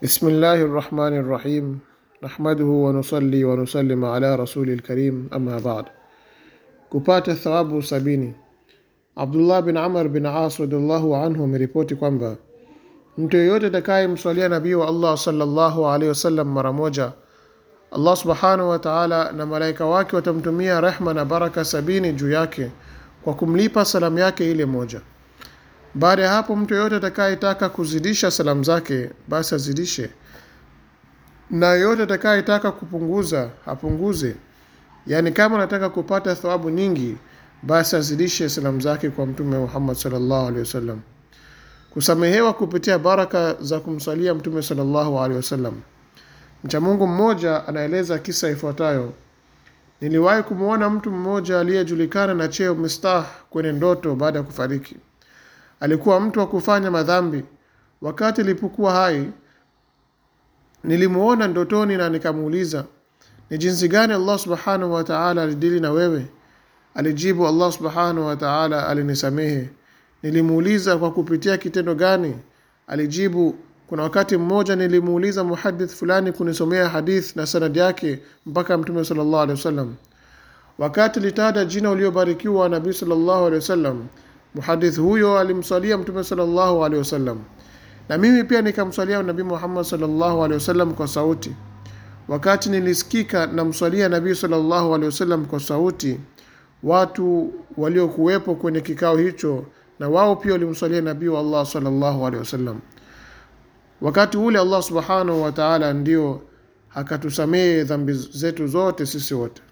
Bismillahi rahmani rahim nahmaduhu wanusalli wanusallim ala rasuli lkarim amma bad. Kupata thawabu sabini. Abdullah bin Amr bin As radiallahu anhu ameripoti kwamba mtu yeyote atakayemswalia nabii wa Allah sallallahu alaihi wasallam mara moja, Allah subhanahu wa taala na malaika wake watamtumia rehma na baraka sabini juu yake kwa kumlipa salamu yake ile moja baada ya hapo mtu yeyote atakayetaka kuzidisha salamu zake basi azidishe na yoyote atakayetaka kupunguza apunguze yaani kama anataka kupata thawabu nyingi basi azidishe salamu zake kwa mtume Muhammad sallallahu alaihi wasallam kusamehewa kupitia baraka za kumsalia mtume sallallahu alaihi wasallam mcha Mungu mmoja anaeleza kisa ifuatayo niliwahi kumwona mtu mmoja aliyejulikana na cheo Mistah kwenye ndoto baada ya kufariki alikuwa mtu wa kufanya madhambi. Wakati lipokuwa hai, nilimuona ndotoni na nikamuuliza, ni jinsi gani Allah subhanahu wa ta'ala alidili na wewe? Alijibu, Allah subhanahu wa ta'ala alinisamehe. Nilimuuliza, kwa kupitia kitendo gani? Alijibu, kuna wakati mmoja nilimuuliza muhadith fulani kunisomea hadith na sanadi yake mpaka Mtume sallallahu alaihi wasallam. Wakati litaja jina uliobarikiwa Nabii sallallahu alaihi wasallam Muhadith huyo alimswalia Mtume sallallahu alaihi wasallam, na mimi pia nikamswalia Nabii Muhammad sallallahu alaihi wasallam kwa sauti. Wakati nilisikika namswalia Nabii sallallahu alaihi wasallam kwa sauti, watu waliokuwepo kwenye kikao hicho na wao pia walimswalia Nabii wa Allah sallallahu alaihi wasallam. Wakati ule Allah subhanahu wa taala ndio akatusamehe dhambi zetu zote sisi wote.